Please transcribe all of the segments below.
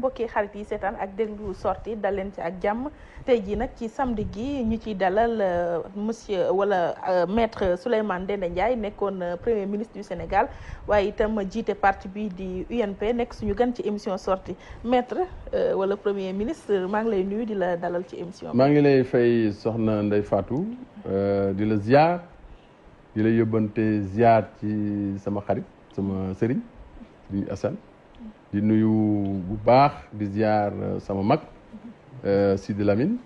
mbokki xarit yi seetaan ak déglu sorti dal ci ak jàmm tey jii nag ci samedi gi ñu ciy dalal euh, monsieur wala euh, maître Souleymane Ndéné Ndiaye nekkoon euh, premier ministre du Sénégal waaye itam jiite parti bi di UNP nekk suñu gan ci émission sorti maître wala premier ministre maa ngi lay nuyu di la dalal ci émission maa ngi lay fay soxna Ndeye Fatou di la ziar di la yóbbante ziar ci sama xarit sama sëriñ Sëriñ Assane di nuyu bu baax di ziar euh, sama mag si euh, Sidi Lamine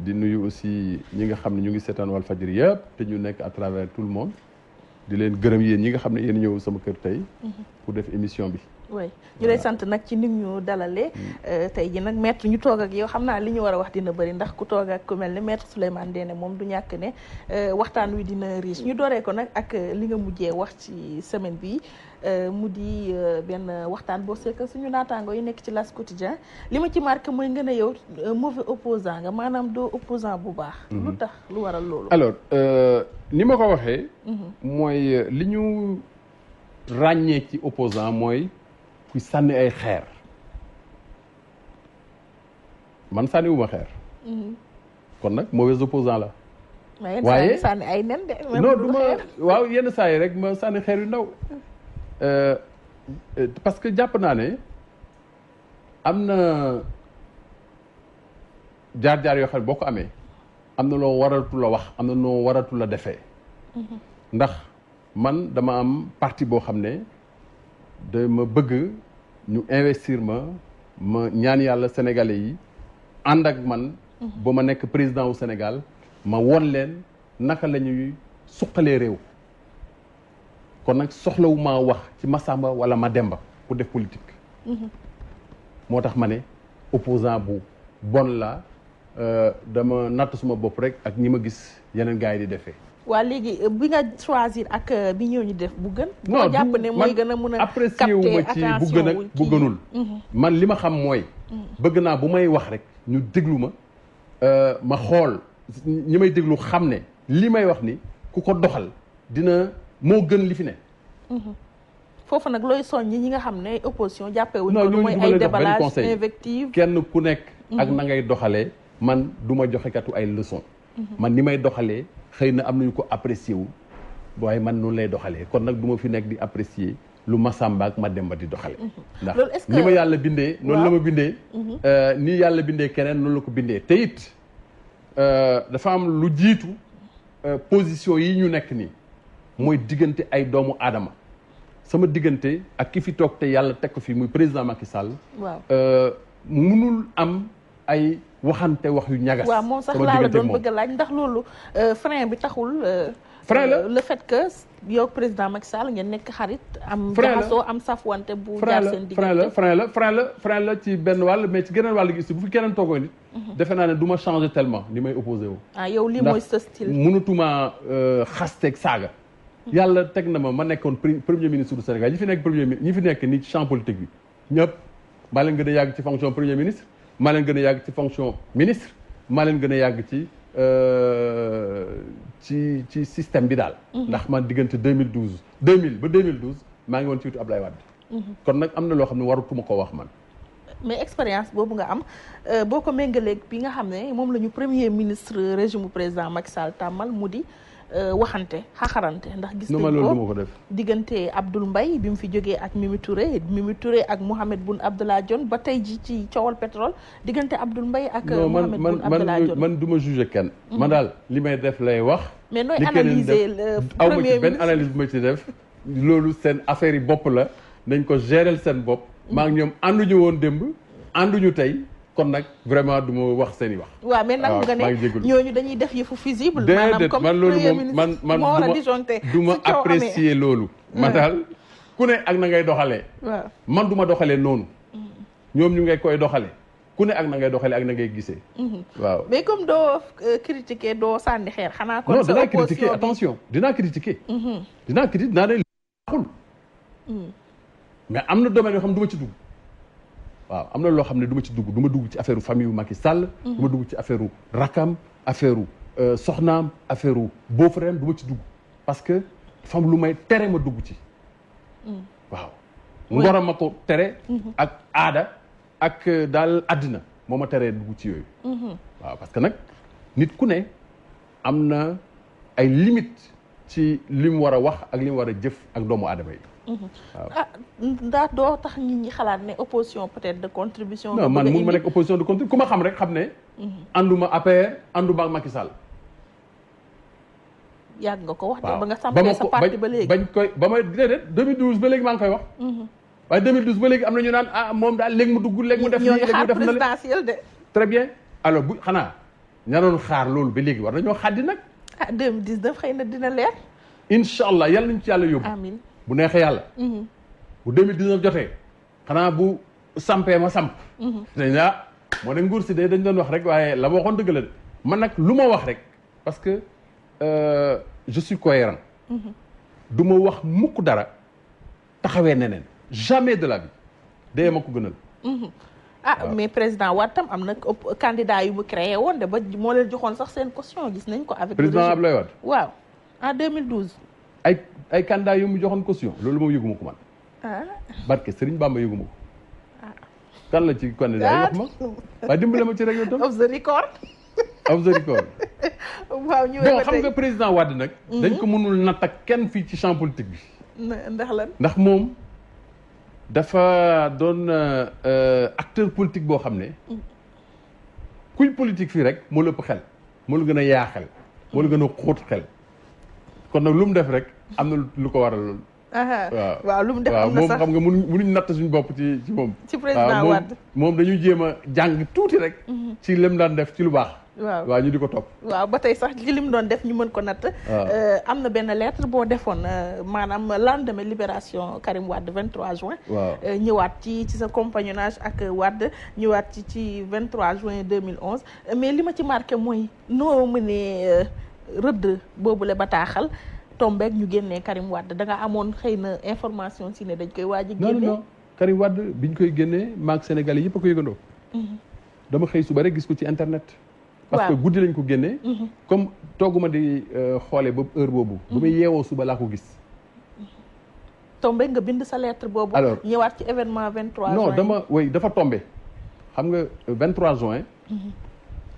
di nuyu aussi ñi nga xam ne ñu ngi seetaan wal fajri te ñu nekk à travers tout le monde di leen gërëm yéen ñi nga xam ne yéen ñëw sama kër tey pour def émission bi oui ñu lay sant nag ci nit ñu dalalee mm. euh, tey ji nag maître ñu toog ak yow xam naa li ñu war a wax dina bari ndax ku toog ak ku mel ne maître Souleymane Ndéné moom du ñàkk ne waxtaan wi dina riche ñu dooree ko nag ak li nga mujjee wax ci semaine bi Euh, mu di euh, benn waxtaan boo seq suñu naataango yu nekk ci las quotidien li ma ci marqué mooy nga ne yow euh, mauvais opposant nga maanaam doo opposant bu baax. Mhm. lu tax lu waral loolu. alors ni ma ko waxee. Mhm. mooy li ñu ràññee ci opposant mooy kuy sànni ay xeer man sànni wu ma xeer. Mhm. kon nag mauvais opposant la. waaye sànni ay nen de. non du waaw yenn saa rek sànni xeer yu ndaw. Euh, euh, parce que jàpp naa ne am na jaar-jaar yoo xam boo ko amee am na loo waratu la wax am na loo waratu la defee mm-hmm. ndax man dama am parti boo xam ne da ma bëgg ñu investir ma ma ñaan yàlla sénégalais yi ànd ak man mm-hmm. ba ma nekk président wu Sénégal ma won leen naka lañuy ñuy suqalee réew kon nag soxlawuma wax ci Masamba wala Mademba pour def politique. Mhm. moo tax ma ne opposant bu bon la euh, dama natt suma bopp rek ak ñi ma gis yeneen gars yi di defee. waa léegi euh, bi nga choisir ak euh, bi ñëw ñu def bu gën. non man jàpp ne mooy gën a mun a. apprécié wu ma ci bu gën ak bu gënul. Mhm. man li ma xam mooy. Mhm. bëgg naa bu may wax rek ñu déglu ma ma xool ñi may déglu xam ne li may wax ni ku ko doxal dina. moo gën li fi ne. Mhm. foofu nag looy soññi ñi nga xam ne opposition jàppee wuñ ko lu mooy ay déballage invective kenn ku nekk. ak mhm. na ngay doxalee man duma ma joxe katu ay leçon mhm. man ni may doxalee xëy na am nañu ko apprécier wu. waaye man noonu lay doxalee kon nag du ma fi nekk di apprécier lu ma Samba ak ma Demba di doxale ndax ni ma yàlla bindee. noonu la ma bindee. Euh, ni yàlla bindee keneen noonu la ko bindee te it euh, dafa am lu jiitu euh, position yi ñu nekk nii. mooy diggante ay doomu aadama sama diggante ak ki fi toog te yàlla teg ko fi muy président Macky Sall. waaw euh, munul am ay waxante wax yu ñagas. waaw moom sax laa la doon bëgg laaj ndax loolu euh, frein bi taxul. Euh, frein la le fait que yow président Macky Sall ngeen nekk xarit. am jaxasoo am safwante bu jaar la frein la frein la frein la ci benn wàll mais ci geneen wàll gis bu fi keneen toogoo nit. Mhm. defe naa ne duma ma changer tellement li may opposé wu. ah yow lii mooy sa style. mënatuma xasteeg saaga. yàlla teg na ma ma nekkoon premier ministre du Sénégal ñi fi nekk premier ñi fi nekk nii ci champ politique bi ñëpp maa leen gën a yàgg ci fonction premier ministre maa leen gën a yàgg ci fonction ministre maa leen gën a yàgg ci euh, ci ci système bi daal. Mhm. ndax man diggante 2012 2000 ba 2012 maa ngi woon ci wetu Ablaye mhm. kon nag am na loo xam ne warutuma ko wax man. mais expérience boobu nga am euh, boo ko méngaleeg bi nga xam ne moom la ñu premier ministre régime président Macky Sall tàmmal mu di. Euh, waxante xaxarante ndax gis nañ ko diggante Abdoul mbay bi mu fi jógee ak Mimi ture Mimi ture ak Mohamed Boun Abdallah Dionne ba tey ji ci coowal pétrole diggante Abdoul mbay ak Mohamed Boun Abdallah Dionne man du ma jugé kenn mhm. daal li may def lay wax mais nooy analyser le premier ministre benn analyse ma ci def loolu seen affaire yi bopp la dañ ko gérer seen bopp mhm. maa ñoom ànduñu woon démb ànduñu tey kon nag vraiment du ma wax seen i wax. waaw mais nangu ah, nga ne ñooñu dañuy def yëfu fusible. maanaam comme man loolu moom man man du ma apprécier loolu. ma daal ku ne ak na ngay doxalee. man du ma doxalee noonu. ñoom ñu ngay koy doxalee. ku ne ak na ngay doxalee ak na ngay gisee. Mhm. waaw mais comme doo euh, critiquer doo sànni xeer xanaa. kon non dinaa critiquer attention dina critiquer. Mhm. dinaa critiquer dinaa ne li baaxul. Mhm. am na domaine yoo xam duma ci dugg. waaw am na loo xam ne duma ci dugg duma dugg ci affaire famille yu Macky Sall. Mm-hmm. du ma dugg ci affaire u rakam affaire u euh, soxnaam affaire u beau-frère du ci dugg parce que dafa lu may tere ma dugg ci. Mm. waaw ngoro ma ko tere. Mm-hmm. ak aada ak euh, daal àddina moo ma teree dugg ci yooyu. Mm-hmm. waaw parce que nag nit ku ne am na ay limites ci li mu war a wax ak li mu war a jëf ak doomu aadama yi. Mhm. ah ndax doo tax nit ñi xalaat ne opposition peut-être de contribution. non man mun ma nekk opposition de contribution ku ma xam rek xam ne. Mhm. ànduma APR ànduma ak Macky Sall. ko wax. waaw ba sa parti ba léegi bañ koy ba may déedéet ba léegi maa ngi koy wax. Mhm. waaye 2012 ba léegi am na ñu naan ah moom daal léegi mu dugg mu def. ñoo ngi xaar présidentiel de. très bien alors bu xanaa ña doon xaar loolu ba léegi war na ñoo xaddi nag. ah 2019 xëy na dina leer. incha allah yal nañ ci yàlla yóbbu. amiin bu neexee yàlla. Mm-hmm. bu 2019 jotee xanaa bu sampee ma samp. Mm-hmm. dañ naa moo ne nguur si de dañ doon wax rek waaye la ma waxoon dëgg la de man nag lu ma wax rek parce que euh, je suis cohérent. Mm-hmm. du ma wax mukk dara taxawee neneen jamais de la vie dee ma ko gënal. ah mais président Wade tam am na candidat yu mu créé woon de ba moo leen joxoon sax seen caution gis nañ ko. avec président Abdoulaye waaw en ay ay candidat yu mu joxoon caution loolu moom yëguma ko man. Ah. barke Serigne Bamba yëguma ko. Ah. kan la ci candidat yi wax ma waaye dimbale ci rek yow tam. of the record. of ñu bon xam nga président Wade nag. Mhm. dañ ko mënul natt ak kenn fii ci champ politique bi. ndax lan ndax moom dafa doon euh, acteur politique boo xam ne. Mhm. kuy politique fii rek moo la ëpp xel moo la gën a yaa xel moo la gën a xóot xel kon nag lu mu def rek am na lu ko waral loolu. waaw lu mu def am sax waaw moom xam nga mënuñ mënuñ natt suñu bopp ci ci moom. ci président Wade moom dañuy jéem a jàng tuuti rek. Mhm. ci lim daan def ci lu baax. waaw waaw ñu di ko topp. waaw ba tey sax li lim doon def ñu mën ko natt. Euh, am na benn lettre boo defoon euh, maanaam lendemain libération Karim Wade 23 juin. waaw euh, ñëwaat ci ci sa compagnonnage ak Wade ñëwaat ci ci 23 juin 2011 mais li ma ci marqué mooy noo mënee rëdd boobu la bataaxal. tombeek ñu génnee Karim Wade da nga amoon xëy na information si ne dañ koy waaj a génne non non Karim Wade biñ koy génnee maag Sénégalais yëpp a ko yëgandoo mhm. dama xëy suba rek gis ko ci internet parce guddi lañ ko génnee mhm. comme tooguma di euh, xoole ba heure boobu bu muy mhm. suba laa ko gis tombe nga bind sa lettre boobu alors ñëwaat ci événement 23 non dama way dafa tombe xam nga 23 euh, juin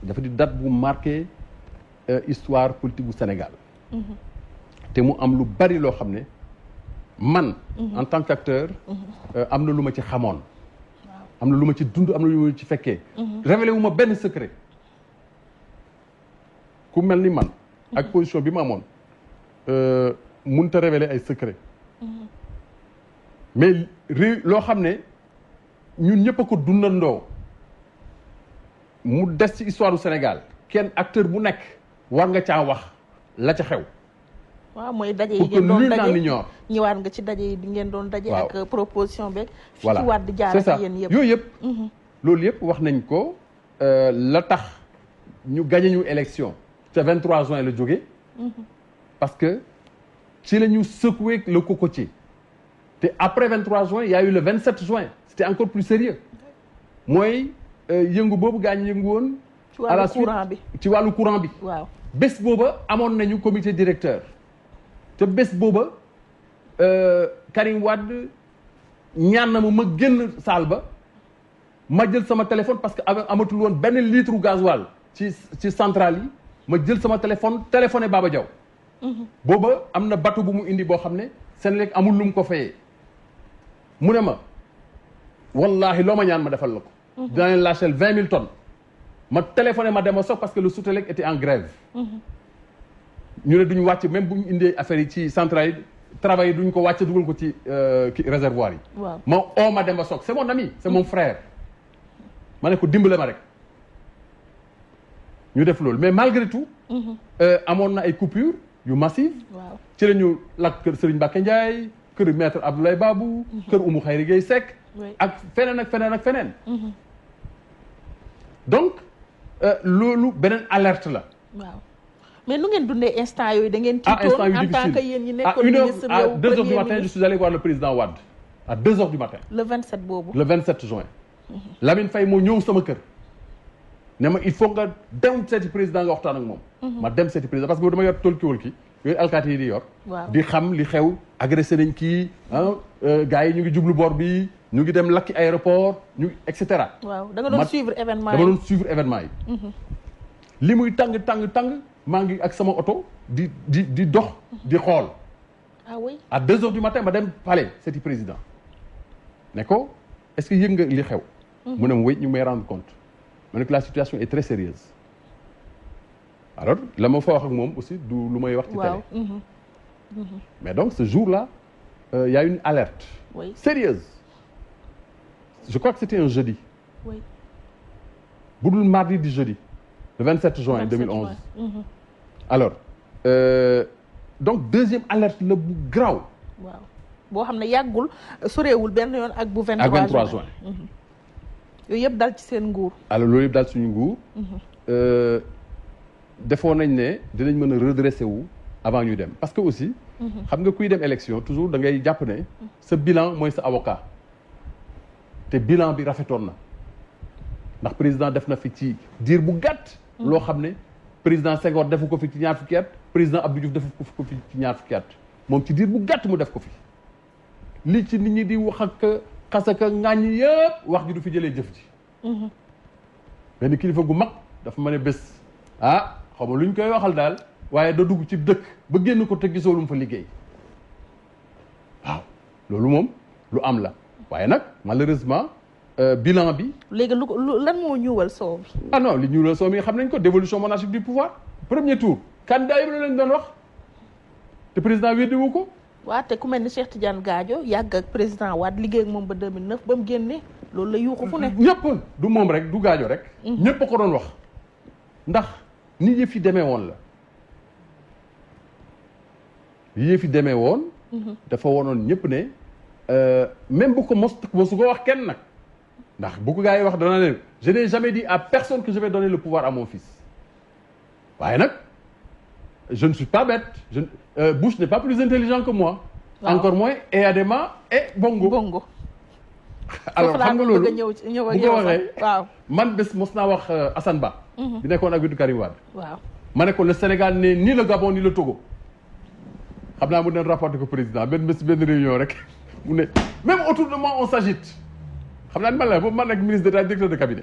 dafa di date bu marqué euh, histoire politique bu Sénégal te mu am lu bari loo xam ne man. Mhm. en tant qu'acteur. Mhm. Euh, am na lu ma ci xamoon. am na lu ma ci dund am na lu ma ci fekkee. Mhm. révélé wu ma benn secret. ku mel ni man. ak position bi ma amoon. Euh, mënut a révéler ay secret. mais réew loo xam ne ñun ñëpp a ko dundandoo mu des ci histoire Sénégal kenn acteur bu nekk war nga caa wax la ca xew. waaw mooy daje yi ngeen doon daje ñëwaat nga ci daje yi ngeen doon daje. ak proposition beeg. voilà fi di jaar ak yéen yëpp yooyu yëpp. Mhm. loolu yëpp wax nañ ko euh, la tax ñu gagné ñu élection. te 23 juin la jóge mhm. parce que ci la ñu secoué le cocotier. te après 23 juin y a eu le 27 juin c'était encore plus sérieux mooy euh, yëngu boobu gaañ yëngu woon. ci wàllu bi ci wàllu courant bi. waaw bés booba amoon nañu comité directeur. te bés booba euh, Karim Wade ñaan na ma ma génn saal ba ma jël sama téléphone parce que amatul woon benn litre gasoil ci ci centrale yi ma jël sama téléphone téléphoné Baba Diaw mhm. booba am na bateau bu mu indi boo xam ne seen Senelec amul lu mu ko fayee mu ne ma wallahi loo ma ñaan ma defal la ko mhm. dinaa leen lâcher vingt mille tonnes ma téléphoné ma dema soog parce que le Soutelec était en grève mhm. ñu ne duñu wàcc même bu ñu indee affaire yi ci centrale yi yi duñ ko wàcc dugal ko ci euh, réservoir yi. waaw ma oo oh, ma Demba Sock c' est mon ami c' est mon ma ne ko dimbale ma rek ñu def loolu mais malgré tout. Mhm. Euh, amoon na ay coupures yu massive waaw ci la ñu lakk kër Serigne Mbacké Ndiaye kër maître Abdoulaye Babou. Mhm. kër Oumou Khayri Gueye Seck. ak feneen ak feneen ak feneen. Mhm. donc euh, loolu beneen alerte la. waaw. mais nu ngeen dundee instant yooyu da ngeen. ah instant yu difficile en tant que ah, suis allé voir le président Wade à deux heures du matin. le 27 boobu. le 27 juin. Lamine Faye moo ñëw sama kër. ne ma il faut nga dem seeti président nga waxtaan ak moom. Mhm. ma dem seeti président parce que dama yor tolkiwul ki yooyu alkaati yi di yor. di xam li xew agressé nañ kii ah euh, gars yi ñu ngi jublu boor bi ñu ngi dem lakki aéroport ñu et cetera. waaw da nga doon suivre événement yi dama mhm. doon li muy maa ngi ak sama oto di di di dox di xool a ah oui à deux heures du matin ma dem palais seeti président ne ko est-ce que yëg nga li xew mhm. mu ne ma wéy ñu may rendre compte ma ne la situation est très sérieuse alors la ma fa wax ak moom aussi du lu may wax ci mhm, mhm. mais donc ce jour la euh, une alerte oui. sérieuse je crois que c'était un jeudi bu dul mardi di jeudi le 27 juin 2011 mhm. alors euh, donc deuxième alerte la bu graw boo xam ne yàggul sorewul benn yoon ak bu 23 ak juin mhm. yooyu yëpp dal ci seen nguur alors loolu yëpp dal suñu nguur mhm. euh, defoon nañ ne dinañ mën a redressé wu avant ñuy dem parce que aussi xam nga kuy dem élection toujours da jàpp ne sa bilan mooy sa avocat te bilan bi rafetoon na ndax président def na fi ci diir bu gàtt loo xam ne président Senghor defu ko fi ci ñaar fukki at président Abdou Diouf defu ko fi ci ñaar fukki at moom ci diir bu gàtt mu def ko fi li ci nit ñi di waxak ak xas ak ŋaañ yëpp wax ji du fi jëlee jëf ji. benn kilifa gu mag dafa ma ne bés ah xaw ma luñ koy waxal daal waaye da dugg ci dëkk ba génn ko te gisoo lu mu fa liggéey waaw loolu moom lu am la waaye nag malheureusement. Euh, bilan bi. léegi lu ko lan moo ñuulal soow bi. ah non li ñuulal soow mi xam nañ ko dévolution monarchique du pouvoir premier tour. candidat yi lañ doon wax te président weddi ko. waaw ku mel ni Cheikh Tidiane Gadio yàgg ak président waat liggéey ak moom ba 2009 ba mu génne loolu la yuuxu fu ne. ñëpp du moom rek du Gadio rek. Mm-hmm. ñëpp a ko doon wax ndax ni yëf fi demee woon la yëf yi demee woon. Mm-hmm. dafa wonoon ñëpp ne euh, même bu ko mos mosu ko wax kenn nag. ndax bu ko gars yi wax doona leen je n'ai jamais dit à personne que je vais donner le pouvoir à mon fils waaye nag je ne suis pas bête je euh, Bush n'est pas plus intelligent que moi encore moins Eyadema et Bongo Bongo alors man bés mos naa wax euh, Assane Ba mhm. bi nekkoon ak Abdou Karim Wade waaw ma ne ko le ne ni le Gabon ni le Togo xam naa mu neen rapporté ko président benn bés benn réunion rek mu ne même de moi on xam naa man la boobu man nag ministre d'état directeur de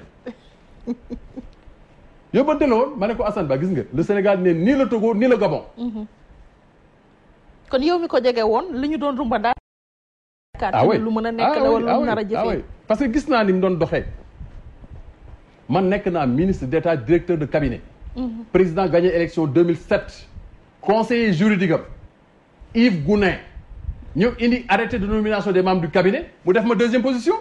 ma ne ko Assane Ba gis nga le Sénégal ne nii la Togo mhm. yow mi ko jege woon li ñu doon rumba ah lu mën a nekk la ah wala lu ah nar a que gis naa ni mu doon doxee man nekk naa ministre d'état directeur de cabinet. Mhm. président gagné élection 2007. conseiller juridique am Yves Gounin ñëw indi arrêté de nomination des membres du cabinet mu def ma deuxième position.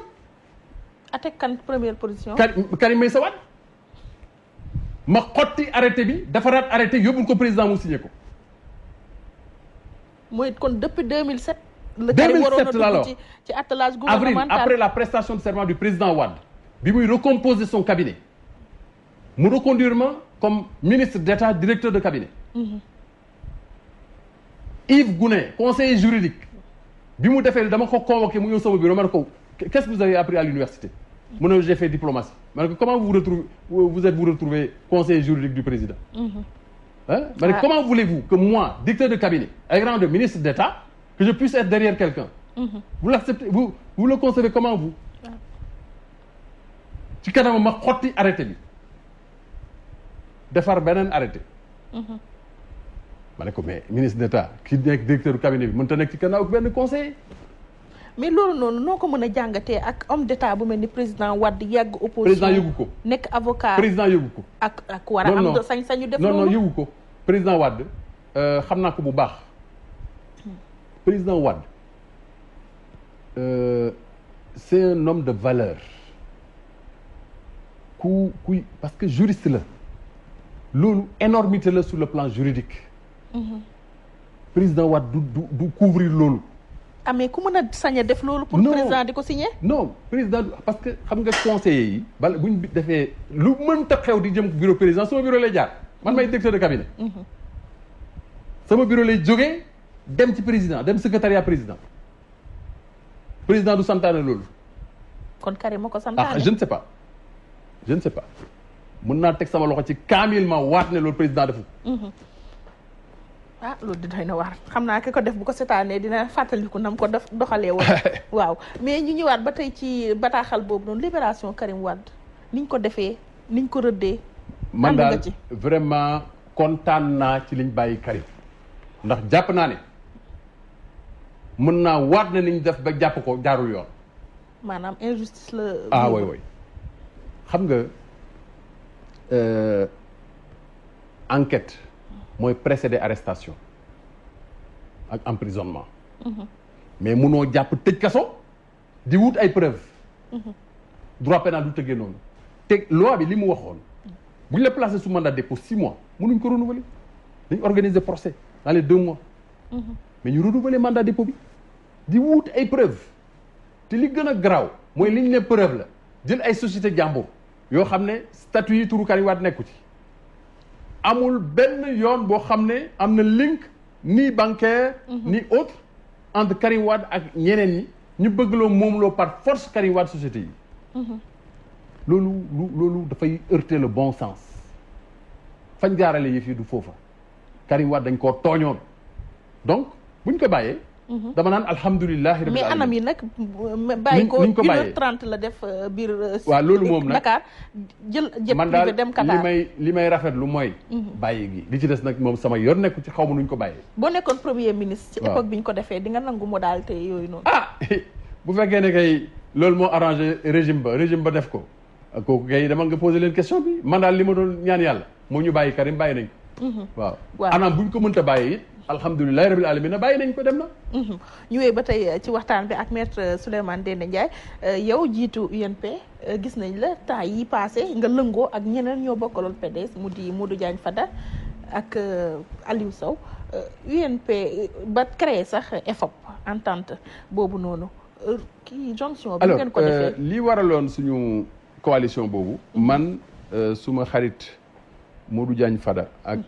atek kan première position. Karim Meïssa Wade ma xotti arrêté bi defaraat arrêté yóbbul ko président mu signé ko. mooy kon depuis 2007. la Karim waroon a dugg ci ci attelage gouvernemental avril après la prestation de serment du président Wade bi muy recomposer son cabinet mu reconduire ma comme ministre d'État directeur de cabinet. Mmh. Yves Gounet conseiller juridique bi mu defee dama ko convoqué mu ñëw sama bureau ma ne ko qu'est-ce que vous avez appris à l'université mu ne j'ai fait diplomatie ma ne ko comment vous retrouvez vous êtes vous retrouvez conseiller juridique du président mm-hmm. ah ma ne comment voulez-vous que moi directeur de cabinet avec rang de ministre d'État que je puisse être derrière quelqu'un mm-hmm. vous l'acceptez vous vous le concevez comment vous ci kanam ma xotti arrêté bi defar beneen arrêté mm-hmm. ma ne ko mais ministre d'État ki nekk directeur du cabinet bi mënut a nekk ci kanam ak benn conseiller mais loolu noonu noo ko mën a jàngatee ak homme d'état bu mel ni président Wade yàgg opposition président yëgu ko nekk avocat président yëgu ko ak ak war a am sañ-sañu def non ko président Wade euh, xam naa ko bu baax président Wade euh, c'est un homme de valeur ku ku parce que juriste la loolu énormité la sur le plan juridique mhm. président Wade du du du couvrir loolu amee ah, ku mën a sañ def loolu. pour président di ko signer non président parce que xam nga conseillers yi. bala bu ñu defee lu mënta xew di jëm bureau président sama bureau lay jaar man may directeur de cabinet. Mhm. sama bureau lay dem ci président dem secrétariat président président du santaane loolu. kon Karim moo ko santaane ah je ne sais pas je ne sais pas mën naa teg sama loxo ci kaamil ma waat ne loolu président defu. ah loolu di doy na waar xam naa ke ko def bu ko setaanee dina fàttaliku nam ko def doxalee woon waaw mais ñu ñëwaat ba tey ci bataaxal boobu noonu libération Karim Wade niñ ko defee niñ ko rëddee man daal vraiment kontaan naa ci liñ bàyyi Karim ndax jàpp naa ne mën naa waat na niñ def ba jàpp ko jaarul yoon maanaam injustice la ah way xam nga euh, enquête mooy précédé arrestation ak emprisonnement mhm. mais munoo jàpp tëj kaso di wut ay preuve mhm. droit pénal du tëggee noonu te loi bi li mu waxoon bu ñu la placé sous mandat de dépôt six mois mënuñ ko renouveler dañ organiser procès dans les deux mois mhm. mais ñu renouveler mandat de bi di wut ay preuve te li gën a garaaw mooy liñ ne preuve la jël ay société jàmbur yoo xam ne statut yi turu Karim Wade nekku ci amul benn yoon boo xam ne am na link ni bancaire mhm. ni autre entre Karim ak ñeneen yi ñu bëgg loo moom loo par force Karim société yi mhm. loolu lu loolu dafay heurter le bon sens fañ jaarale yi fii du foofa Karim dañ koo tooñoon donc buñ ko bàyyee Mhm. dama naan alhamdulilah. mais anam yi nag. bàyyi ko une heure la def euh, biir. Euh, waaw loolu moom nag Dakar jël jëpp privé dem Qatar man daal li may rafet lu mooy. Mhm. bàyyi gi li ci des nag moom sama yor nekku ci xaw ma nuñ ko bàyyee. boo nekkoon premier ministre. ci époque bi ñu ko defee di nga daal te yooyu noonu. ah bu fekkee ne kay loolu moo arrangé régime ba régime ba def ko kooku kay dama nga posé leen question bi man daal li ma doon ñaan yàlla moo ñu bàyyi Karim bàyyi nañ ko. Mhm. alhamdulilah alhamdulilahi rabil na bàyyi nañ ko dem na mhm. ñu wéy ba tey eh, ci waxtaan bi ak maître eh, Souleymane Ndéné Ndiaye eh, yow jiitu UNP gis nañ la temps yi passé nga lëngoo ak ñeneen ñoo bokkaloon PDS mu di Modou Diagne Fada ak Aliou Sow UNP ba créé sax EFOP entente boobu noonu kii jonction bi ngeen ko li waraloon suñu coalition boobu man suma xarit Modou Diagne Fada ak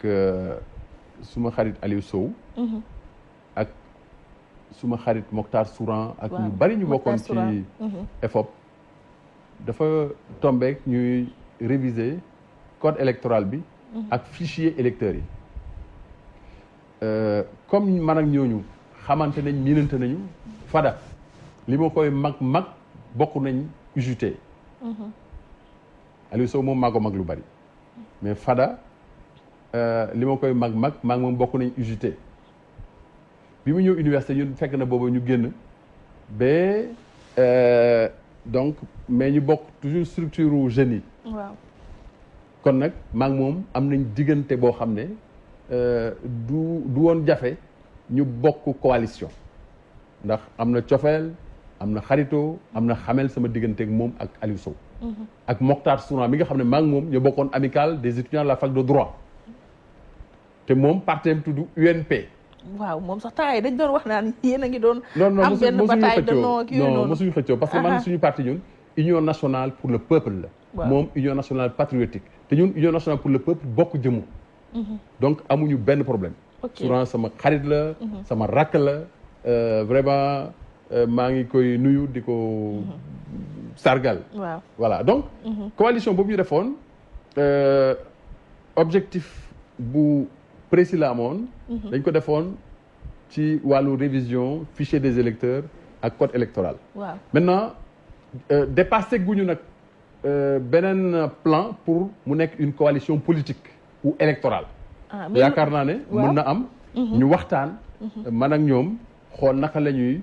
suma xarit Aliou Sow. Mhm. ak suma xarit Mokhtar sourant ak ñu bari ñu bokkoon ci EFOP. Mhm. dafa tombeek ñuy réviser code électoral bi. Mhm. ak fichier électeurs yi. Euh, comme man ak ñooñu xamante nañ miinante nañu. Fada li ma koy mag mag bokk nañ UJT. Aliou Sow moom maa mag lu bari mais Fada. Euh, li ma koy mag mag mag moom bokk nañ UGT bi mu ñëw université ñun fekk na booba ñu génn ba euh, donc mais ñu bokk toujours structure u jeunes yi. kon nag mag moom am nañ diggante boo xam ne euh, du du woon jafe ñu bokk coalition ndax am na cofeel am na xaritoo am na xamel sama digganteeg moom ak Aliou Sow. Mhm. ak Mokhtar Souran mi nga xam ne maa ngi moom ñu bokkoon amicale des étudiants la fac de droit. te moom parteem tudd UNP. waaw moom sax temps dañ doon wax naan yéen a ngi doon. am benn bataille de non ak non mosuñu xëccoo parce que man ah ah. suñu parti ñun union nationale pour le peuple la. moom union nationale patriotique te ñun union nationale pour le peuple bokk jëmu. Mhm. donc amuñu benn problème. souvent sama xarit la. Mhm. sama rakk la euh, vraiment euh, maa ngi koy nuyu di ko. Mhm. sargal. waaw voilà donc. coalition boobu ñu defoon euh, objectif bu. précis la amoon. Mhm. dañ ko defoon ci wàllu révision fichier des électeurs ak code électoral. waaw maintenant euh, dépassé guñu nag euh, beneen plan pour mu nekk une coalition politique u électorale. Ah, yaakaar naa ne mën na am. Mhm. ñu waxtaan. Mhm. man ak ñoom xool naka la ñuy.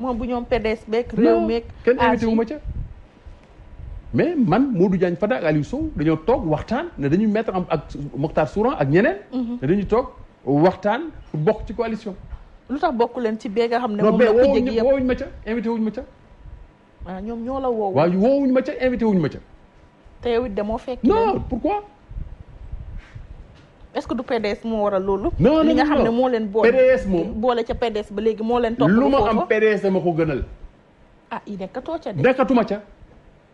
moom bu ñoom PDS beeg. réew meeg kenn invité ma ca. mais man Modou Diagne Fada ak Aliou dañoo toog waxtaan ne dañuy mettre am ak Mokhtar Souran ak ñeneen. Mhm. ne dañuy toog waxtaan bokk ci coalition. lu tax bokku leen ci bee nga xam ne. moom la ko jéggi yëpp woowuñu ma ca invité wuñu ma ca. waaw ah, ñoom ñoo la woowu. waaw woowuñu ma ca invité wuñu ma ca. te yow it demoo fekk. non pourquoi. est-ce que du PDS moo waral loolu. non li nga xam ne moo leen. boole PDS moom boole ca PDS ba léegi moo leen. topp lu ma am PDS dama ko gënal. ah i nekkatoo ca de. ca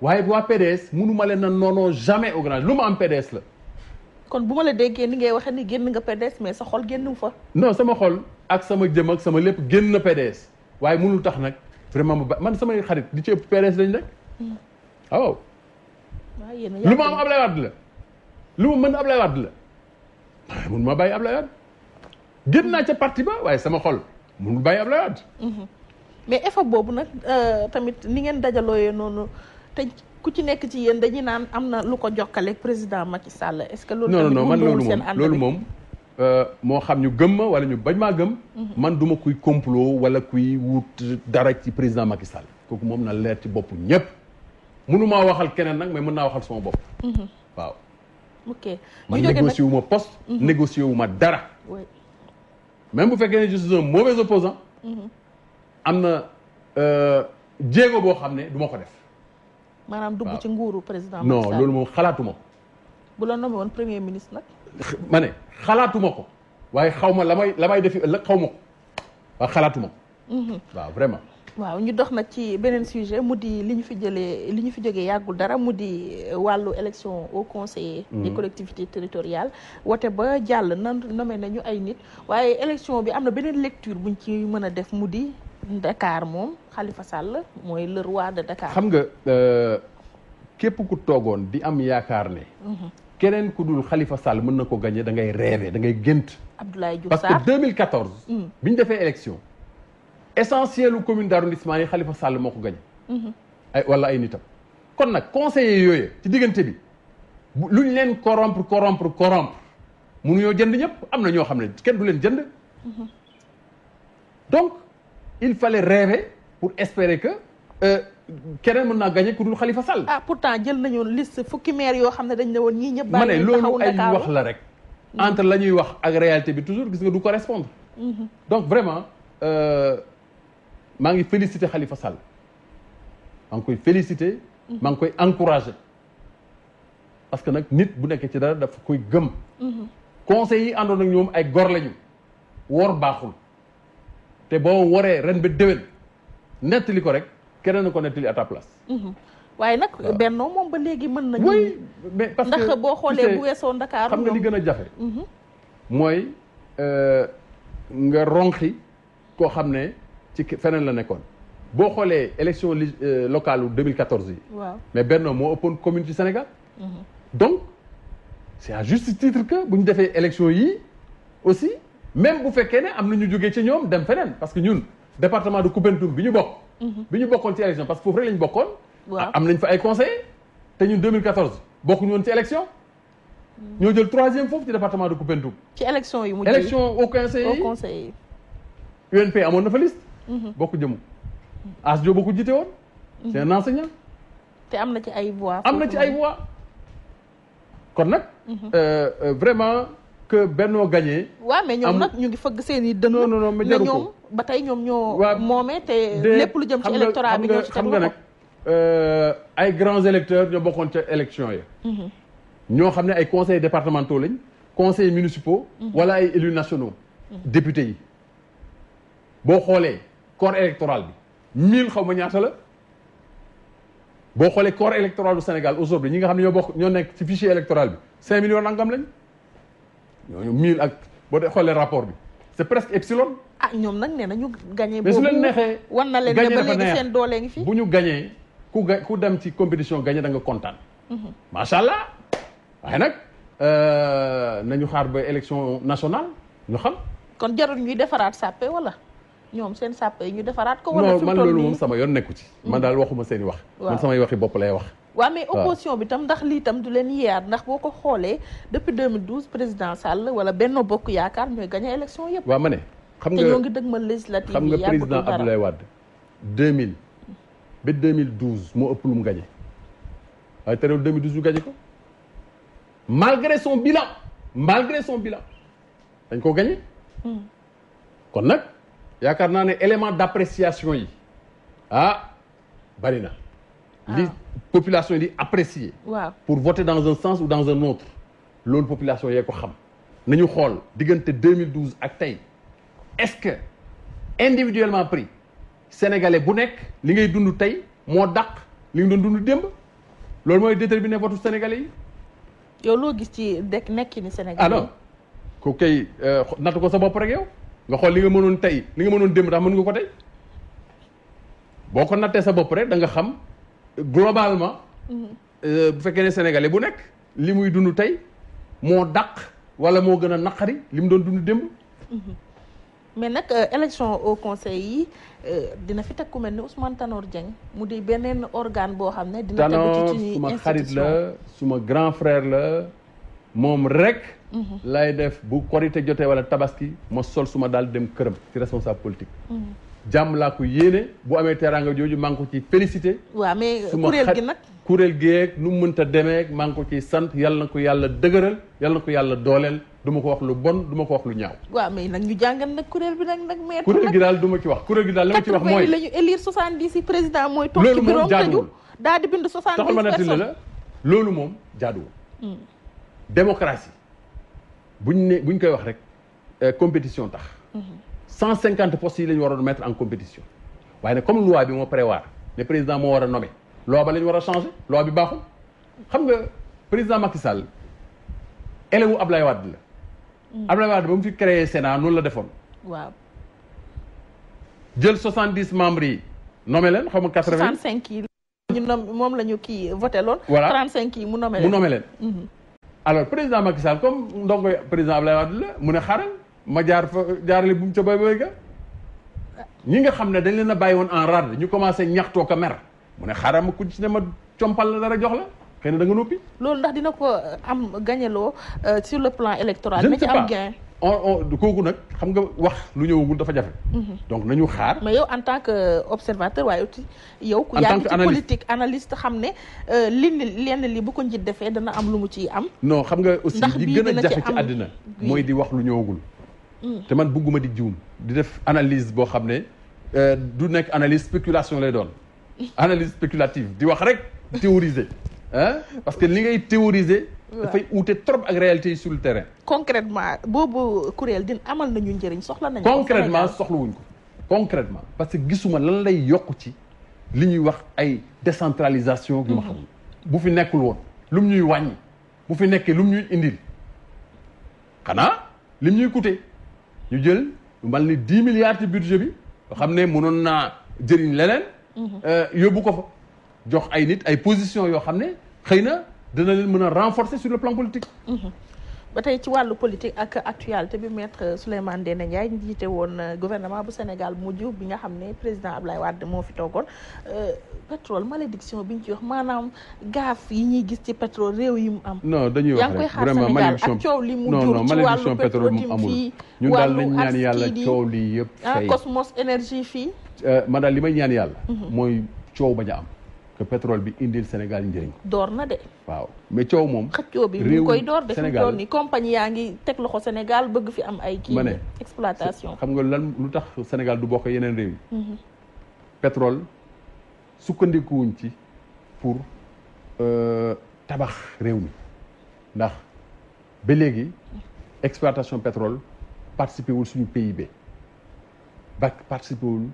waaye waa PDS mënuma leen na noonoo jamais au lu ma am PDS la. kon bu ma la déggee ni ngay waxee ni génn nga PDS mais sa xol génn fa. non sama xol ak sama jëm ak sama lépp génn na PDS waaye mënul tax nag vraiment ba man samay xarit di ci ëpp PDS lañ rek. Hmm. Ah, waaw. lu ma am Ablaye Wade la lu mën Ablaye Wade la. waaye mun maa bàyyi Ablaye Wade génn naa ca parti ba waaye sama xol munul bàyyi Ablaye Wade mhm. mais effort boobu nag euh, tamit ni ngeen dajalooyee noonu te ku ci nekk ci yéen dañuy naan am na lu ko jokkale président Macky Sall est-ce que loolu non non man loolu moom loolu moom euh, moo xam ñu gëm ma wala ñu bañ maa gëm mhm. man duma kuy complot wala kuy wut dara ci président Macky Sall kooku moom na leer ci bopp ñëpp mënu maa waxal keneen nag mais mun naa waxal sama bopp mhm. waaw ok man négocié wu ma poste. Mhm. négocié wu ma dara. même bu fekkee ne je suis un mauvais opposant mhm. am na euh, jéego boo xam ne duma ko def. maanaam dugg ci nguuru président. non loolu moom xalaatuma ko. bu la nommé woon premier ministre nag. ma ne xalaatuma ko waaye xaw ma la may la may defi ëllëg xaw ma ko waaw xalaatuma ko. Mhm. vraiment. waaw ñu dox nag ci beneen sujet mu di li ñu fi jëlee li ñu fi jógee yàggul dara mu di euh, wàllu élection au conseiller mm-hmm. des collectivités territoriales woote ba jàll nan nommé nañu ay nit waaye élection bi am na beneen lecture buñ ci mën a def mu di Dakar moom Khalifa Sall mooy le waa de Dakar xam nga euh, képp ku toogoon di am yaakaar ne mm-hmm. keneen ku dul Khalifa Sall mën na ko gagné da ngay rêvé da ngay gént Abdoulaye Diouf Sarr parce que 2014 mm. bi ñu defee élection essentiel u commune d'arrondissement yi Khalifa Sall moo ko gañ ay wala ay nitam kon nag conseillers yooyu ci diggante bi luñ leen corrompre mu corrompre mënuñoo jënd ñëpp am na ñoo xam ne kenn du leen jënd donc il fallait rêver pour espérer que euh, keneen mën naa gagné ku dul Khalifa Sall ah pourtant jël nañu liste fukki maire yoo xam ne dañ ne woon ñii ñëpp ma ne loolu ay wax la rek entre la ñuy wax ak réalité bi toujours gis du correspondre mhm. maa ngi félicité xalifa Sall maa ngi koy félicité mm-hmm. maa ngi koy encouragé parce que nag nit bu nekkee ci dara dafa koy gëm mm-hmm. conseil yi àndoon ak ñoom ay gor lañu wor baaxul te boo waree ren ba déwén nettali ko rek keneen na ko nettali à ta place mm-hmm. waaye nag bennoo moom ba léegi mën nañu oui mais que ndax boo xoolee bu weesoo Ndakaaru xam nga li gën a jafe mooy euh, nga ronxi koo xam ne ci feneen la nekkoon boo xoolee élection euh, locale wu 2014 yi. waaw mais Benno moo ëppoon commune ci Sénégal. Mhm. donc c'est à juste titre que bu ñu defee élection yi aussi même bu fekkee ne am na ñu jógee ci ñoom dem feneen parce que ñun département de Koupentoum bi ñu bokk. Mhm. bi ñu bokkoon ci élection parce que foofu rek la bokkoon. waaw am nañ fa ay conseillers te ñun 2014 bokkuñu woon ci élection. Mhm. ñoo jël troisième foofu ci département de Koupentoum. ci élection yi élection au conseil yi au conseil amoon na fa liste. Mm-hmm. bokk jëmu as joo bokk jiite woon mm-hmm. c'est un te am na ci ay voix am na ci ay voix kon nag mm-hmm. euh, euh, vraiment que Benno gagné waaw mais ñoom nag ñu ngi fëgg seen i dënn non non non mais jaru ko ba tey ñoom ñoo moomee te lépp lu jëm ci électorat bi ñoo ci xam nga nag euh, ay grands électeurs ñoo bokkoon ca élection ya ñoo xam ne ay conseils départementaux lañ conseils municipaux wala ay élus nationaux députés yi boo xoolee corps électoral bi mille xaw ma ñaata la boo xoolee corps électoral du Sénégal aujourd'hui ñi nga xam ne ñoo bokk ñoo nekk ci fichier électoral bi cinq millions nangam lañ ñooñu ak boo de xoolee rapport bi c'est presque epsilon. ah ñoom nag nee na ñu gagné. boobu su leen neexee. wan na leen ne ba léegi seen doole bu ñu gagné ku ga ku dem ci compétition gagné da nga kontaan. Mhm. macha allah waaye nag euh, nañu xaar ba élection nationale ñu xam. kon jarul ñuy defaraat sàppe wala. ñoom seen sàpp yi ñu defaraat ko. wala fi mu toll nii moom sama yoon nekku ci. man mm-hmm. daal waxuma seen wax. man samay waxi bopp lay wax. waaw mais opposition bi tam ndax lii tam du leen yeer ndax boo ko xoolee depuis 2012 président Sall wala benn Bokk Yaakaar ñooy gagné élection yëpp. waaw ma ne xam nga te ñoo ngi dëgmal législative xam nga président Abdoulaye Wade 2000 ba 2012 moo ëpp lu mu gagné waaye te 2012 ñu gagné ko malgré son bilan malgré son bilan dañ ko gagné. Mm. kon yaakaar naa ne élément d'appréciation yi ah bari na. li ah. population yi di apprécier. pour voter dans un sens ou dans un autre loolu population yee ko xam nañu xool diggante 2012 ak tey est-ce que individuellement pris sénégalais bu nekk li ngay dund tey moo dàq li nga doon dund démb loolu mooy déterminer votu sénégalais yi. yow loo gis ci dekk nekk ni Sénégal. alors ah ku koy euh, natt ko sa bopp rek yow. nga xool li nga mënoon tey li nga mënoon démb ndax mën nga ko tey boo ko nattee sa bopp rek da nga xam ma euh, bu fekkee ne sénégalais bu nekk li muy dund tey moo daq wala moo gën a naqari li mu doon dund dem mais nag euh, élection au conseil yi euh, dina fi teg ku mel ni Ousmane Tanor Dieng mu di beneen organe boo xam ne. dina suma xarit la suma grand frère la moom rek. Mm-hmm. lay def bu korite jotee wala tabaski ma sol suma daal dem këram ci responsable politique mm-hmm. jàmm laa ko yéene bu amee teraanga jooju maa ngi ko ci félicité waa mais kuréel gi nag kuréel gi yeeg nu mu mënta demee maa ngi ko ciy sant yàlla na ko yàlla dëgëral yàlla na ko yàlla dooleel du ma ko wax lu bon du ma ko wax lu ñaaw waaw mais nag ñu jàngal nag kuréel bi nag nag mais gi daal du ma ci wax kuréel gi daal li ma ci wax mooy la ñu sosaan soixante-dix yi président mooy toog ci bureau daal di bind soixante-dix personnes taxul ma nettali la loolu moom jaaduwul mm. buñ ne buñ koy wax rek euh, compétition tax. 150 mhm. postes yi la ñu waroon mettre en compétition waaye nag comme loi bi moo prévoir ne président moo war a nommer loi ba la ñu war a changer loi bi baaxul xam nga président Macky Sall élève wu Ablaye Wade mm. mu fi créé Sénat noonu la defoon. waaw. jël 70 membres yi nommé leen xaw ma 80. 65 yi ñu moom la ñu kii voté loon. voilà yi mu nommé leen. alors président Macky Sall comme ndongo président Abdoulaye Wade la mu ne xaaral ma jaar fa jaarale bu mu ca ba bay ga ñi nga xam ne dañ leen a bàyyi woon en rade ñu commencé ñaxtoo ko mer mu ne xaaral ma ku ci ne ma compal la dara jox la xëy na da nga loolu ndax dina ko euh, am gañeloo euh, sur le plan électoral. je ne sais am gain. on on kooku nag xam nga wax lu ñëwagul dafa jafe. Mhm. donc nañu xaar. mais yow en tant que euh, observateur waaye yow ku yaa ngi ci politique analyste xam ne li lenn li bu ko njit defee dana am lu mu ciy am. non xam nga aussi li gën a jafe ci àddina mooy di wax lu ñëwagul. Mm. te man bëgguma di jiwum di def analyse boo xam ne du nekk analyse spéculation lay doon. analyse spéculative di wax rek théoriser. ah parce que li ngay théoriser. dafay uute trop ak réalité yi sur le terrain. concrètement boobu kuréel din amal ñu njëriñ soxla nañu. concrètement soxlawuñ ko. concrètement parce que gisuma lan lay yokk ci li ñuy wax ay décentralisation. yu ma mhm. xam bu fi nekkul woon lum ñuy wàññi bu fi nekkee lum ñuy indil xanaa lim ñuy coûter ñu jël lu mal ni dix milliards ci budget bi nga xam ne mënoon naa jëriñ leneen. Mhm. Euh, yóbbu ko fa jox ay nit ay position yoo xam ne. xëy na dina leen mën a renforcer sur le plan politique. Mhm. ba tey ci wàllu politique ak actualité bi maître Souleymane Ndéné Ndiaye jiite woon euh, gouvernement bu Sénégal mujj bi nga xam ne président Ablaye Wade moo fi toogoon euh, pétrole malédiction bi ñu ci wax maanaam gaaf yi ñuy gis ci pétrole réew yi mu am. non dañuy wax rek vraiment li mu jur ci wàllu pétrole mu amul ñun yàlla coow yëpp. Ah, fay Cosmos énergie fii. Euh, man li may ñaan yàlla. Mhm. mooy coow bañ a am. que pétrole bi indil Sénégal njëriñ. door na de. waaw mais coow moom. xëccoo bi mu koy door de fi mu yaa ngi teg loxo Sénégal bëgg fi am ay. kii ma ne exploitation. xam nga lan lu tax Sénégal du bokk yeneen réew yi. Mhm. pétrole sukkandikuwuñ ci pour euh, tabax réew mi ndax ba léegi exploitation pétrole participé wul suñu PIB ba participé wul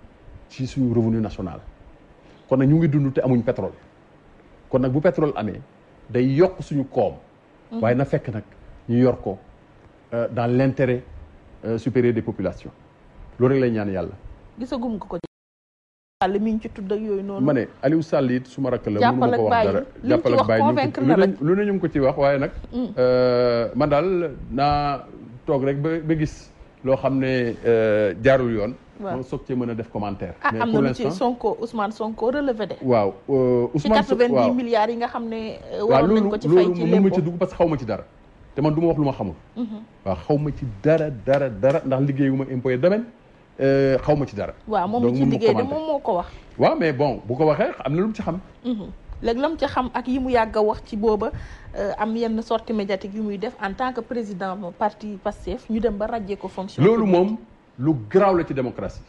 ci suñu revenu national. kon nag ñu ngi dund te amuñ pétrole kon nag bu pétrole amee day yokk suñu koom mhm. waaye na fekk nag ñu yor ko euh, dans l' intérêt euh, supérieur des populations rek lay ñaan yàlla gisagum ko ko Sall mi ngi ci tudd ak yooyu noonu ma ne Aliou Sall it su rakk la mënu ma ko wax ak bàyyi lu ne ñu ko ci wax waaye nag mm. euh, man daal naa toog rek ba ba gis loo xam ne euh, jaarul yoon. waaw moom mën a def commentaire. Ah, mais ah am na lu ci Sonko Ousmane Sonko relevé de. waaw euh, Ousmane Sonko ci 90 milliards yi nga xam ne. Euh, waroon nañ ci fay ci waaw loolu loolu ma ci dugg parce que xaw ma ci dara. te man du ma wax lu ma xamul. Mhm. waaw xaw ma ci dara dara dara ndax liggéeyu ma impôt domaine xaw ma ci dara. waaw moom mi ci liggéey de moom moo ko wax. waaw mais bon bu ko waxee am na lu mu ci xam. Mhm. léegi lam ci xam ak yi mu yàgg a wax ci booba euh, am yenn sortie médiatique yu muy def en tant que président parti Pastef ñu dem ba rajjee ko fonction loolu moom lu garaaw la ci démocratie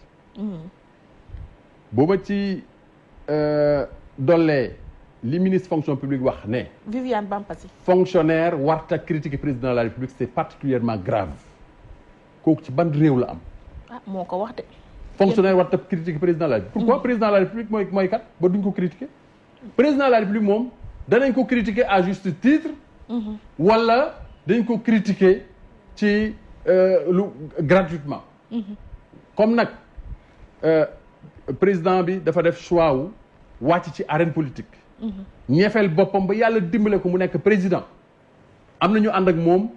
booba ci euh, dollee li ministre fonction publique wax ne Viviane Bampasi fonctionnaire warta critiquer président de la république c'est particulièrement grave kooku ci ban réew la am ah moo ko wax de fonctionnaire warta critiquer président la république président la république mooy mooy kat ba duñ ko critiquer président de la république moom danañ ko critiquer à juste titre. wala dañ ko critiquer ci euh, lu gratuitement. comme nag euh, président bi dafa def choix wu wàcc ci arène politique. ñeefeel boppam ba yàlla dimbale ko mu nekk président am na ñu ànd ak moom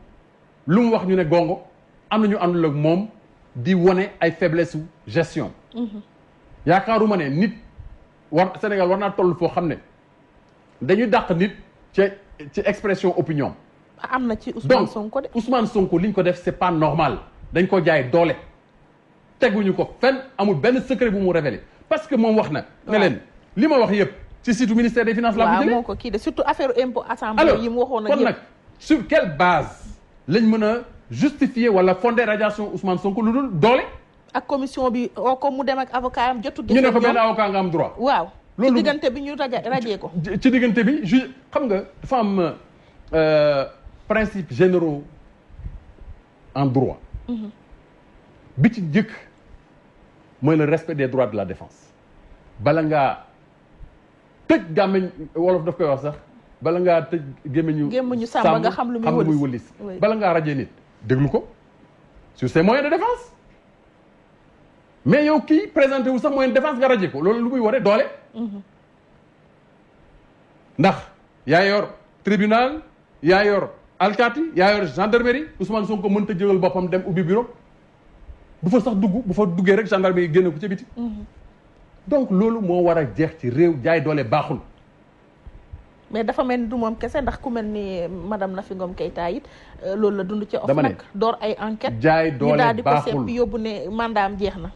lu mu wax ñu ne gongo am na ñu àndul ak moom di wone ay faiblesse gestion. Mhm. yaakaaruma ne nit. war Sénégal war naa toll foo xam ne dañuy daq nit ci ci expression opinion. am na ci Ousmane Sonko de. Ousmane Sonko li ñu ko def c'est pas normal dañ ko jaay doole teguñu ko fenn amul benn secret bu mu révélé parce que moom wax na. ne leen li ma wax yëpp ci surtout ministère des finances. la ko moo ko kii de surtout affaire impôt assemblée yi mu waxoon nag alors kon nag sur quelle base lañ mën a justifier wala fonder radiation Ousmane Sonko lu dul doole. ak commission bi oo ko mu dem ak avocat am jotu. ñu ne ko benn avocat nga am droit. waaw loolu ci bi ñu raja rajee ko. ci bi ju xam nga dafa am euh, principe en droit. Mhm. bi ci njëkk mooy le respect des droits de la défense. bala ngaa tëj gàmmeñ wolof daf koy wax sax bala ngaa tëj gémmeñu. ñu sàmm nga xam lu muy wëlis bala ngaa rajee nit déglu ko sur ses moyens de défense. mais yow kii présenté wu sax mooy défense nga raje ko loolu lu muy waree doole. ndax yaa yor tribunal yaa yor alkaati yaa yor gendarmerie Ousmane Sonko mënta jëlal boppam dem ubbi bureau bu fa sax dugg bu fa duggee rek gendarmerie génne ko ca donc loolu moo war a jeex ci réew jaay doole baaxul. mais dafa mel ni du moom kese ndax ku mel ni madame Nafi Ngom Keïta it euh, loolu la dund ci. dama ne door ay enquête jaay doole baaxul ñu daal di ne mandaam jeex na.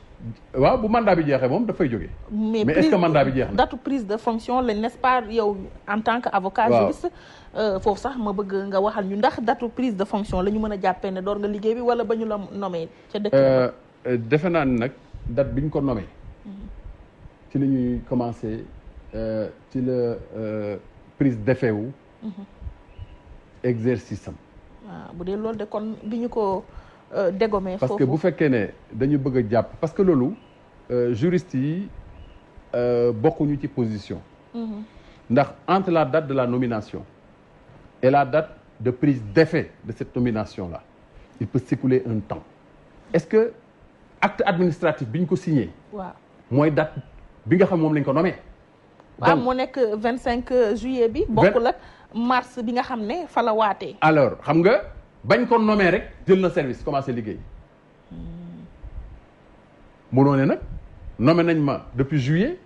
waaw bu mandat bi jeexee moom dafay jógee. mais mais est-ce que mandat bi jeex na. date prise de fonction lañ n'est-ce yow en tant que avocat. juriste euh, foofu sax ma bëgg nga waxal ñu ndax date prise de fonction la ñu mën a jàppee ne door nga liggéey bi wala ba ñu la nommé ca dëkk. Euh, euh, defe naa ni nag date bi ñu ko nommé. Mhm. ci la ñuy commencé ci la prise d'effet wu. Mhm. am. waaw ah, bu dee loolu de kon bi ñu ko. Euh, dégommer parce que bu fekkee ne dañu bëgg a jàpp parce que loolu euh, juriste yi euh, bokkuñu ci position mhm. ndax entre la date de la nomination et la date de prise d'effet de cette nomination là il peut s'écouler un temps est-ce que acte administratif bi ñu ko signé waaw mooy date bi nga xam moom lañ ko nommé waaw mu nekk vingt cinq juillet bi bokkul ak mars bi nga xam ne fa la alors xam nga bañ kon nommé rek jël na service commencé liggéey mënoo ne nag nommé nañ ma depuis juillet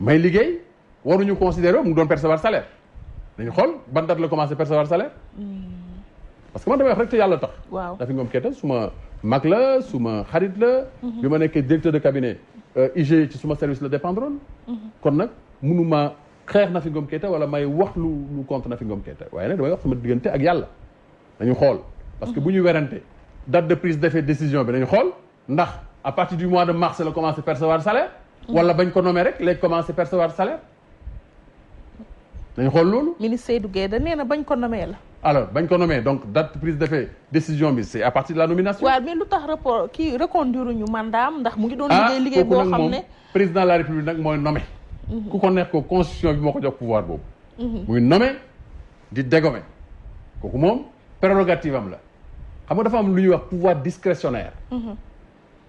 may liggéey waruñu considéré mu doon percevoir salaire dañu xool ban date la commencé percevoir salaire parce que man damay wax rek te yàlla tax waaw dafi ngoom keeta su ma mag la su ma xarit la bi ma nekkee directeur de cabinet euh, IG ci suma service la dépendroon kon nag mënuma xeex na fi ngoom keeta wala may wax lu lu contre na fi ngoom keeta waaye ne damay wax sama diggante ak yàlla dañu xool parce que bu ñu werante date de prise defee décision bi dañu xool ndax à partir du mois de mars la commencé percevoir salaire wala bañ ko nommé rek léegi commencé percevoir salaire dañu xool loolu ministre Seydou Guèye da nee na bañ ko nommé la alors bañ ko nommé donc date prise d'effet décision bi c'est à partir de la nomination waaw mais lu tax rapport kii reconduire ñu mandaam ndax mu ngi doon ah, liggéey liggéey boo xam ne président de la république nag mooy nommé mhm. ko neex ko constitution bi ko jox pouvoir boobu mhm. muy nommé di dégommé kooku prérogative am la xam nga dafa am lu ñuy wax pouvoir discrétionnaire. Mhm.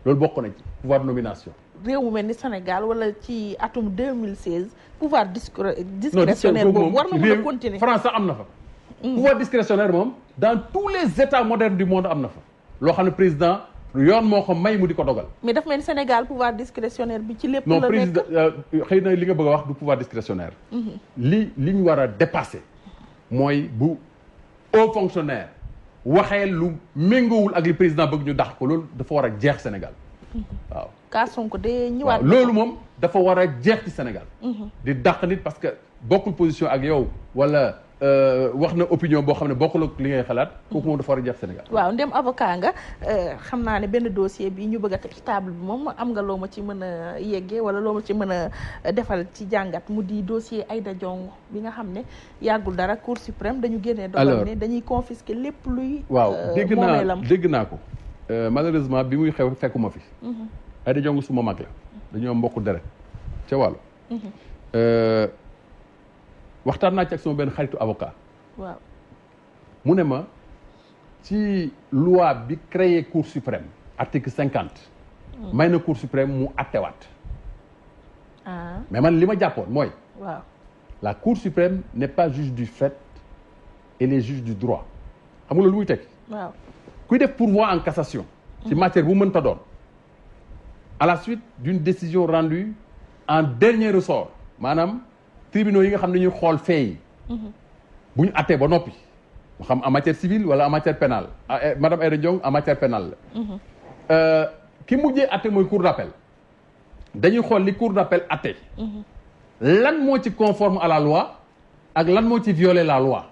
loolu bokk na ci pouvoir de nomination. réew mu mel ni Sénégal wala ci atum 2016 pouvoir discré discrétionnaire boobu war na mën a continuer France am na fa. Mhm. pouvoir discrétionnaire moom dans tous les états modernes du monde am na fa. loo xam ne président yoon moo ko may mu di ko dogal. mais dafa mel ni Sénégal pouvoir discrétionnaire bi ci lépp. la nekk euh, xëy na li nga bëgg a wax du pouvoir discrétionnaire. Mhm. li li ñu a dépasser mooy haut fonctionnaire waxee lu méngoowul ak li président bëgg ñu dax ko loolu dafa war a jeex Sénégal waaw. kaa Sonko de ñëwaat loolu moom dafa war a jeex ci Sénégal. Mhm. di dax nit parce que bokkul position ak yow wala. Euh, wax na opinion boo xam ne bokkul ak li ngay xalaat. kooku moom dafa war a jeex Sénégal. waaw ndem avocat nga euh, xam naa ne benn dossier bi ñu bëgg a teg ci table bi moom am nga loo ma ci mën a yeggee wala looma ci mën a defal ci jàngat mu di dossier Aïda Ndiongue bi nga xam ne yàggul dara Cour suprême dañu génne dogal ne dañuy confisquer lépp luy. waaw euh, dégg naa dégg naa ko. malheureusement bi muy xew fekkuma fi. Mhm. Aïda Ndiongue suma mag la. Mhm. dañoo mbokk deret ca wàllu. waxtaan naa ci ak sama benn xaritu avocat. mu ne ma ci loi bi créé cour suprême. article cinquante. Hmm. may na cour suprême mu attewaat. ah mais man li ma jàppoon mooy. waaw la cour suprême n'est pas juge du fait et les juges du droit xam nga loolu muy teg. waaw kuy def pourvoi en cassation. ci hmm. matière bu mënta doon. à la suite d'une décision rendue en dernier ressort maanaam. tribunaux yi nga xam ne ñuy xool feey mhm. bu ñu attee ba noppi mu xam en matière civile wala en matière pénale ah, eh, madame Aïda Ndiong matière pénale la mhm. euh, ki mujjee atte mooy cour d'appel dañuy xool li cour d'appel atte mhm. lan moo ci conforme à la loi ak lan moo ci violer la loi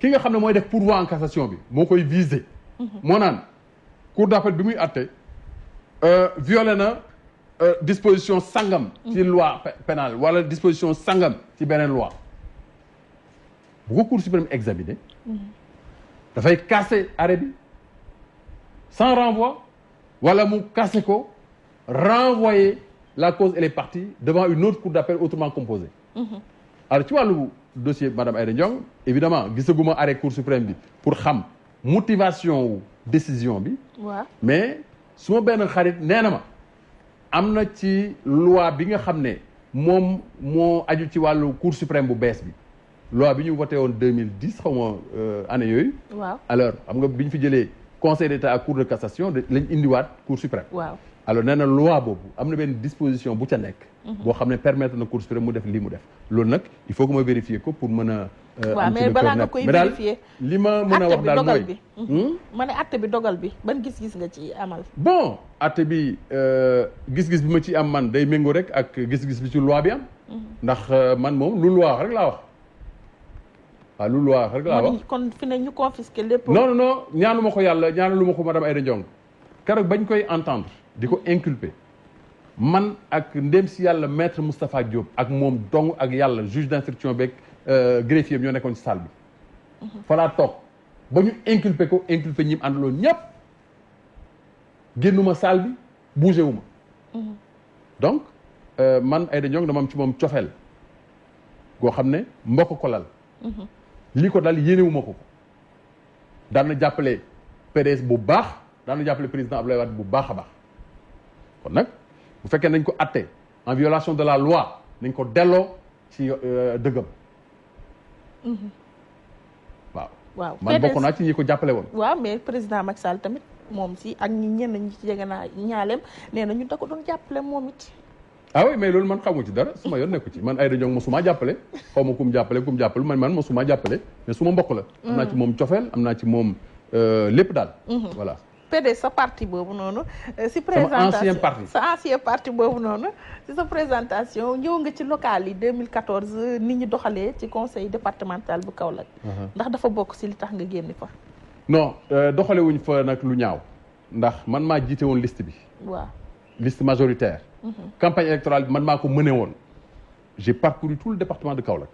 ki nga xam ne mooy def pourvoi en cassation bi moo koy viser moo naan cour d'appel bi muy atte euh, violé na Euh, disposition sangam. ci loi pénale wala disposition sangam ci beneen loi bu ko suprême examiné. Mm-hmm. dafay casser arrêt bi sans renvoi wala mu casser ko renvoyer la cause et les parties devant une autre cour d'appel autrement composée. Mm-hmm. alors ci wàllu dossier madame Aïda Ndiong évidemment gisaguma arrêt cour suprême bi pour xam motivation wu décision bi. waaw mais suma benn xarit nee na ma. am na ci loi bi nga xam ne moom moo aju ci wàllu cour suprême bu bees bi loi bi ñu wotee woon 2010 xaw ma euh, année yooyu. waaw alors xam nga bi ñu fi jëlee conseil d' état ak cour de cassation lañ indiwaat cour suprême. waaw alors nee na boobu am na benn disposition bu ca nekk. Mhm. boo xam ne permettre na Cour suprême mu def lii mu def loolu nag il faut que ma vérifier ko pour mën a. Euh, waaw mais balaa nga koy vérifier li ma mën a wax daal mooy. Hmm? ma ne atte bi dogal bi ban gis-gis nga ci amal. bon atte bi euh, gis-gis bi ma ci am man day méngoo rek ak gis-gis bi ci loi bi am. Mhm. ndax euh, man moom lu loi wax rek laa wax. waaw lu loi wax rek laa wax kon fi ne ñu confisqué lépp. non non ñaanu ma ko yàlla ñaanu lu ko madame Aïda Ndiongue bañ koy entendre. di ko inculper man ak ndem si yàlla maître Moustapha Diop ak moom dong ak yàlla juge d'instruction beeg euh, greffier bi ñoo nekkoon ci salle bi. Mhm. fa toog ba ñu inculper ko inculper ñi mu àndaloon ñëpp génnuma salle bi bougé wu ma. Mhm. donc euh, man Aïda Ndiongue dama am ci moom cofeel goo xam ne mbokk ko lal. Mhm. li ko dal yéenewuma wu ko daan na jàppale PDS bu baax daan na jàppale président Abdoulaye Wade bu baax a baax. kon nag bu fekkee nañ ko atte en violation de la loi nañ ko delloo ci euh, dëggam. Mm-hmm. waaw. waaw man bokk naa ci ñi ko jàppale woon. waaw mais président Macky Sall tamit moom si ak ñi ñeen ñi ci jege naa ñaaleem nee na ñu da ko doon jàppale moom it. ah oui mais loolu man xamu ci dara su ma yoon nekku ci man ay ma suma jàppale xaw ma ku jàppale ku mu jàppale man man mosuma jàppale mais su ma mbokk la. am naa ci moom cofeel am naa ci moom euh, lépp daal. Mm-hmm. voilà. PDS sa parti boobu noonu. Euh, si présentation sama ancien parti sa ancien parti boobu sa présentation ñëw nga ci local yi 2014 euh, ni ñu doxalee ci conseil départemental bu Kaolack. Uh-huh. ndax dafa bokk si li tax nga génn fa. non euh, doxale wuñ fa nag lu ñaaw ndax man maa jiite woon list bi. waaw liste majoritaire. Uh-huh. campagne électorale bi man maa ko mëne woon. j'ai parcouru tout le département de Kaolack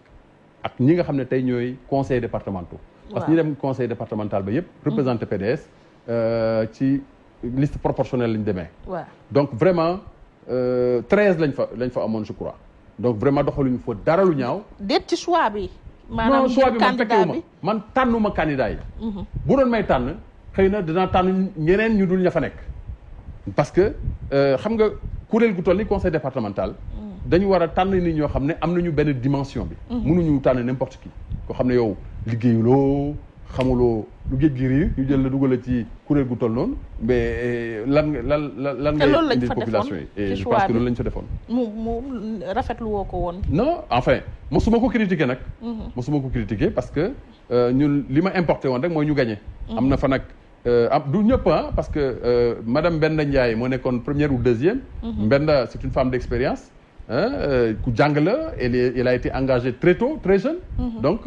ak ñi nga xam ne tey ñooy conseil départemental. parce que ñi dem conseil départemental ba yëpp représenté uh-huh. PDS. Euh, ci liste proportionnelle lañ demee. waaw donc vraiment euh, treize lañ fa lañ fa amoon je crois. donc vraiment doxaluñu fa dara lu ñaaw. déet ci choix bi. maanaam choix bi man fekkewuma man tànnuma candidat yi. Mhm. bu doon may tànn xëy na dinaa tànn ñeneen ñu dul ña fa nekk. parce que euh, xam nga kuréel gu toll ni conseil départemental. Mm. dañu war a tànn nit ñoo xam ne am nañu benn dimension bi. Mm-hmm. mënuñu tànn n'importe qui. koo xam ne yow liggéeyuloo. xamuloo lu géej gi riir ñu jël la dugal ci kuréel gu toll noonu mais eh, lan lan lan ngay indi population yi et eh, je pense que loolu lañ fa defoon mu mu rafetlu woo ko woon non enfin mosuma ko critiquer nag mhm. mosuma ko critiquer parce que euh, ñun li ma importé woon rek mooy ñu gagné mhm. am na fa nag euh, am du ñëpp ah parce que euh, madame Mbenda Ndiaye moo nekkoon première ou deuxième mhm. Mbenda c'est une femme d'expérience ku jàng la elle elle a été engagé très tôt très jeune donc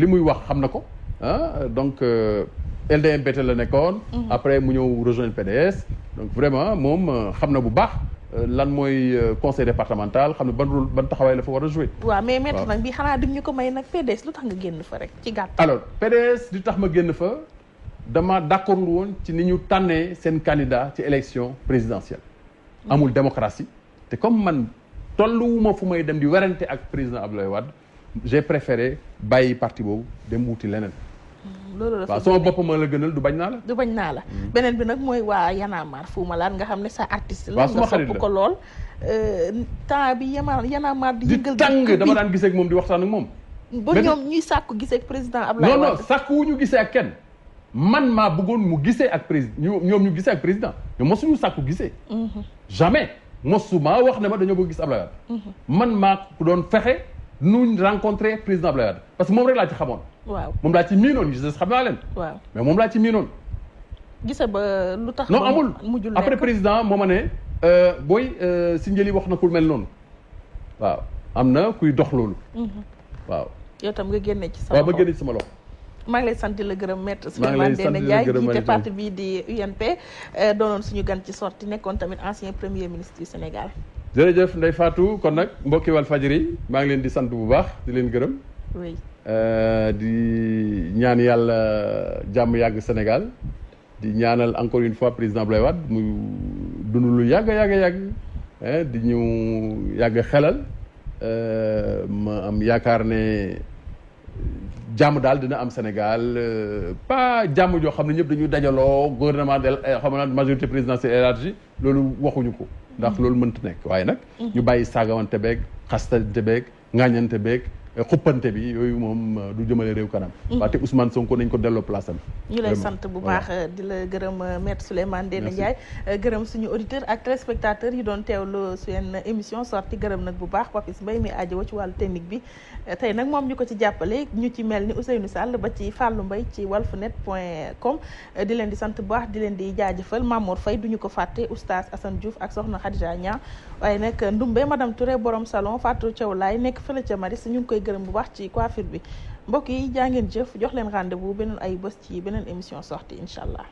li muy wax xam na ko ah donc euh, LDM PT la nekkoon. Mhm. après mu ñëw rejoindre PDS. donc vraiment moom euh, xam na bu baax. Euh, lan mooy conseil départemental xam ne ban rôle ban taxawaay la fa war a joué. waaw mais maître nag bi xanaa duñ ñu ko may nag PDS lu tax nga génn fa rek ci gàtt. alors PDS li tax ma génn fa dama d'accord woon ci ni ñu tànnee seen candidat ci élection présidentielle. Mhm. amul démocratie te comme man tolluwuma fu may dem di werante ak président Abdoulaye Wade j'ai préféré bàyyi parti boobu dem wuti leneen. loolu la waaw sama la gënal du bañ naa la bañ naa la mm. beneen bi nag mooy waa Yanamar Fou Malade nga xam ne sa artiste la nga sopp ko lool euh, temps bi yama Yanamar di yëngal tàng dama daan gisee ak moom di waxtaan ak moom ba ñoom ñuy sàkku gisee ak président Abdoulaye Wade non non wu ñu gisee ak kenn man maa bëggoon mu gisee ak président ñoom ñu gisee ak président mais mosuñu sàkku gisee mhm. jamais mosuma wax ne ma dañoo bëgg gis Abdoulaye Wade mhm. man maa ko doon fexe nuñ rencontré président Abdoulaye Wade que moom rek laa ci xamoon waaw moom laa ci miinoon yi xam naa waaw mais moom laa ci miinoon. gisa ba lu tax. non amul après président moo ma ne. Euh, booy euh, si njëli wax na ku mel noonu. waaw am na kuy dox loolu. Mhm. waaw. yow tam nga génne ci sa ba waaw ma génne ci sama loxo. maa ngi lay sant di la gërëm maître Souleymane Ndéné Ndiaye jiite parti bii di UNP euh, doonoon suñu gan ci sorti nekkoon tamit ancien premier ministre du Sénégal. jërëjëf Ndeye Fatou kon nag mbokki Walfadjri maa ngi leen di sant bu baax di leen gërëm. Euh, di ñaan yàlla jàmm yàgg Sénégal di ñaanal encore une fois président Abdoulaye Wade lu yàgg yàgg yàgg di ñu yàgg xelal euh, ma am yaakaar ne jàmm daal dina am Sénégal euh, pas jàmm joo xam ne ñëpp dañuy dajaloo gouvernement de xam naa majorité présidentielle élargie loolu waxuñu ko. ndax loolu mënt nekk waaye nag. Mm-hmm. ñu bàyyi saagawante beeg xastante beeg ŋaañante beeg. xuppante bi yooyu moom euh, du jëmale réew kanam. waaw mm. te Ousmane Sonko ko delloo place am. ñu lay sant bu baax euh, di la gërëm euh, maître Souleymane Ndéné Ndiaye. gërëm suñu auditeur ak téléspectateur yi doon teewlu seen émission sorti gërëm nag bu baax Papis Mbaye mi aajo ci wàllu technique bi. tey nag moom ñu ko ci jàppale ñu ci mel ni Ousseynou Sall ba ci Fallou Mbaye ci walfnet point com di leen di sant bu baax di leen di jaajëfal Mamour Faye du ñu ko fàtte oustaz Assane Diouf ak soxna Khadija Niang waaye nag Ndumbe madame Touré borom salon Fatou Thiaw Laye nekk fële ca Maris ñu koy gërëm bu baax ci coiffure bi mbokk yi jaa ngeen jëf jox leen rendez-vous beneen ay bés ci beneen émission sortie incha allah